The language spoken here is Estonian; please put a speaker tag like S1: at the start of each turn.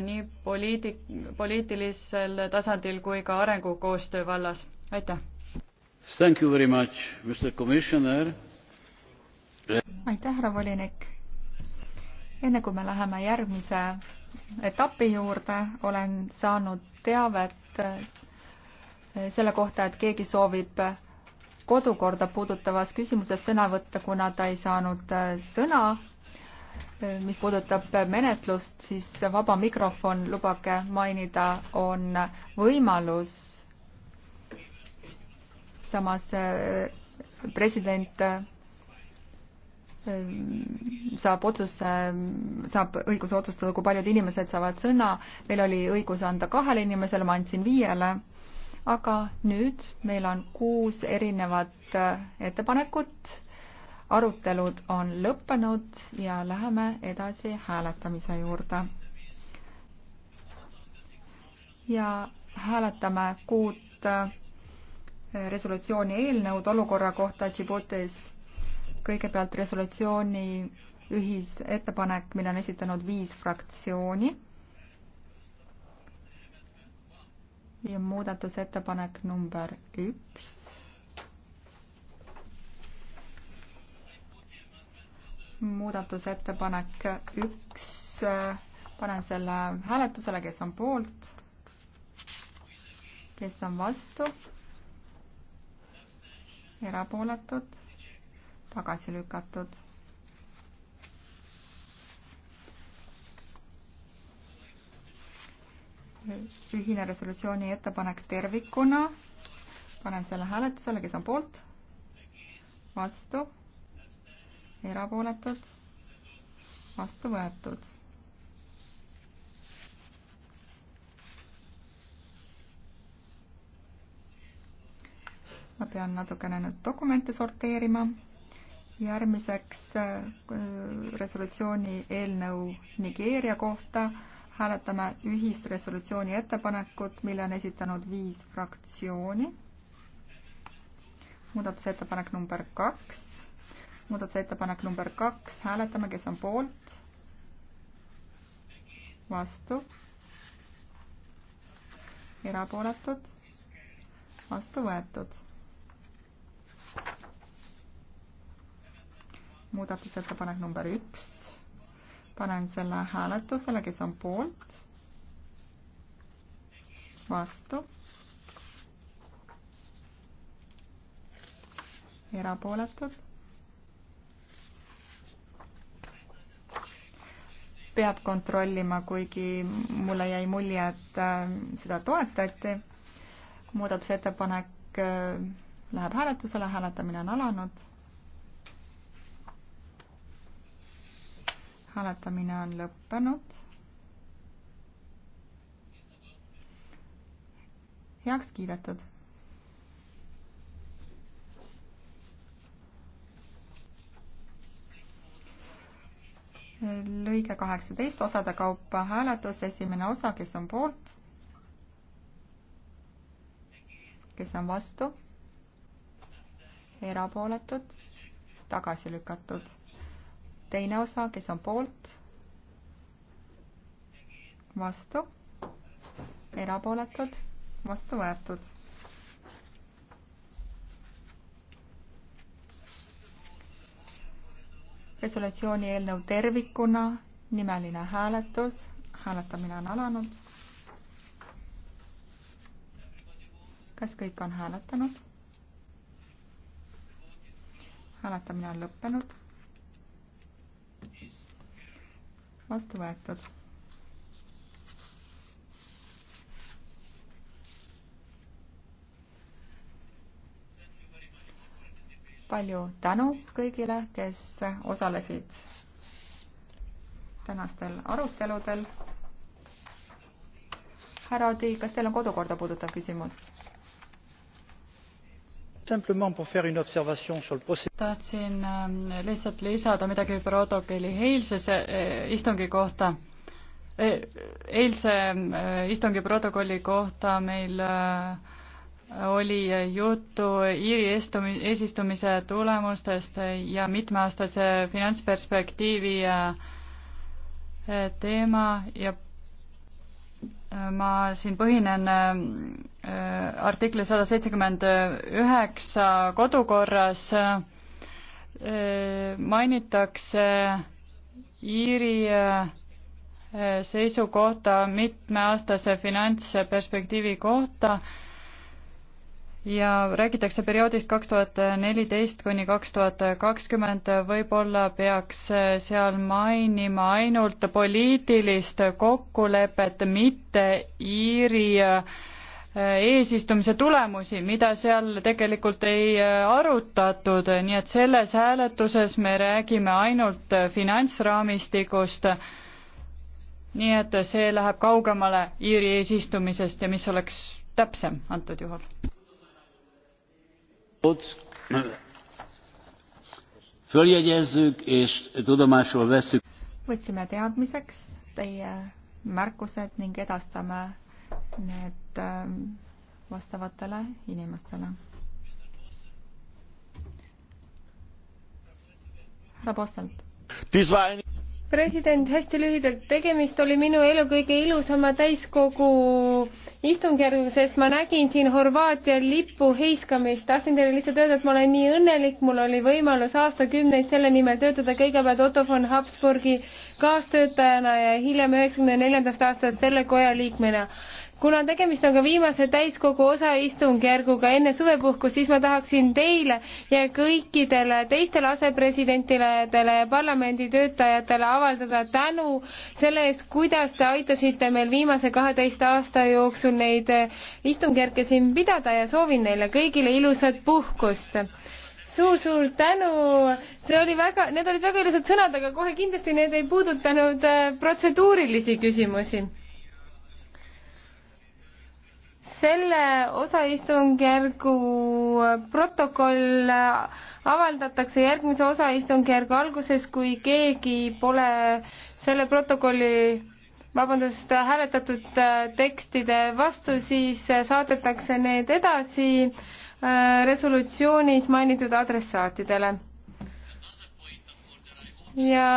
S1: nii poliitik, poliitilisel tasandil kui ka arengukoostöö vallas. aitäh! Thank you very much, Mr Commissioner.
S2: aitäh, härra volinik! enne kui me läheme järgmise etapi juurde, olen saanud teavet selle kohta, et keegi soovib kodukorda puudutavas küsimuses sõna võtta, kuna ta ei saanud sõna mis puudutab menetlust, siis vaba mikrofon, lubage mainida, on võimalus. samas eh, president eh, saab otsuse, saab õiguse otsustada, kui paljud inimesed saavad sõna. meil oli õigus anda kahele inimesele, ma andsin viiele. aga nüüd meil on kuus erinevat eh, ettepanekut arutelud on lõppenud ja läheme edasi hääletamise juurde. ja hääletame kuut äh, resolutsiooni eelnõud olukorra kohta Djiboutis. kõigepealt resolutsiooni ühisettepanek, mille on esitanud viis fraktsiooni. ja muudatusettepanek number üks muudatusettepanek üks, panen selle hääletusele, kes on poolt, kes on vastu, erapooletud, tagasi lükatud. ühine resolutsiooni ettepanek tervikuna, panen selle hääletusele, kes on poolt, vastu erapooletud, vastu võetud. ma pean natukene nüüd dokumente sorteerima. järgmiseks äh, resolutsiooni eelnõu Nigeeria kohta hääletame ühist resolutsiooni ettepanekut, mille on esitanud viis fraktsiooni. muudatusettepanek number kaks muudatusettepanek number kaks, hääletame, kes on poolt, vastu, erapooletud, vastu võetud. muudatusettepanek number üks, panen selle hääletusele, kes on poolt, vastu erapooletud, peab kontrollima, kuigi mulle jäi mulje, et äh, seda toetati. muudatusettepanek äh, läheb hääletusele, hääletamine on alanud. hääletamine on lõppenud. heaks kiidetud lõige kaheksateist osade kaupa hääletus, esimene osa, kes on poolt, kes on vastu, erapooletud, tagasi lükatud. teine osa, kes on poolt, vastu, erapooletud, vastu võetud resolutsiooni eelnõu tervikuna nimeline hääletus, hääletamine on alanud. kas kõik on hääletanud? hääletamine on lõppenud. vastu võetud. palju tänu kõigile, kes osalesid tänastel aruteludel. härra Odi, kas teil on kodukorda puudutav küsimus?
S1: tahtsin ähm, lihtsalt lisada midagi protokolli eilse äh, istungi kohta. Äh, eilse äh, istungi protokolli kohta meil oli juttu Iiri eesistumise tulemustest ja mitmeaastase finantsperspektiivi teema ja äh, ma siin põhinen äh, artikli sada seitsekümmend üheksa kodukorras äh, mainitakse Iiri seisukohta mitmeaastase finantsperspektiivi kohta ja räägitakse perioodist kaks tuhat neliteist kuni kaks tuhat kakskümmend, võib-olla peaks seal mainima ainult poliitilist kokkulepet, mitte Iiri äh, eesistumise tulemusi, mida seal tegelikult ei äh, arutatud, nii et selles hääletuses me räägime ainult finantsraamistikust. nii et see läheb kaugemale Iiri eesistumisest ja mis oleks täpsem antud juhul
S2: võtsime teadmiseks teie märkused ning edastame need ähm, vastavatele inimestele.
S3: härra Postelt president, hästi lühidalt, tegemist oli minu elu kõige ilusama täiskogu istungjärgul, sest ma nägin siin Horvaatia lipu heiskamist. tahtsin teile lihtsalt öelda, et ma olen nii õnnelik, mul oli võimalus aastakümneid selle nimel töötada, kõigepealt Otto von Habsburgi kaastöötajana ja hiljem üheksakümne neljandast aastast selle koja liikmena kuna tegemist on ka viimase täiskogu osaistungjärguga enne suvepuhkust, siis ma tahaksin teile ja kõikidele teistele asepresidentidele ja parlamendi töötajatele avaldada tänu selle eest, kuidas te aitasite meil viimase kaheteist aasta jooksul neid istungjärke siin pidada ja soovin neile kõigile ilusat puhkust suur-suur tänu, see oli väga, need olid väga ilusad sõnad, aga kohe kindlasti need ei puudutanud protseduurilisi küsimusi selle osaistungjärgu protokoll avaldatakse järgmise osaistungjärgu alguses, kui keegi pole selle protokolli, vabandust, hääletatud äh, tekstide vastu, siis äh, saadetakse need edasi äh, resolutsioonis mainitud adressaatidele. ja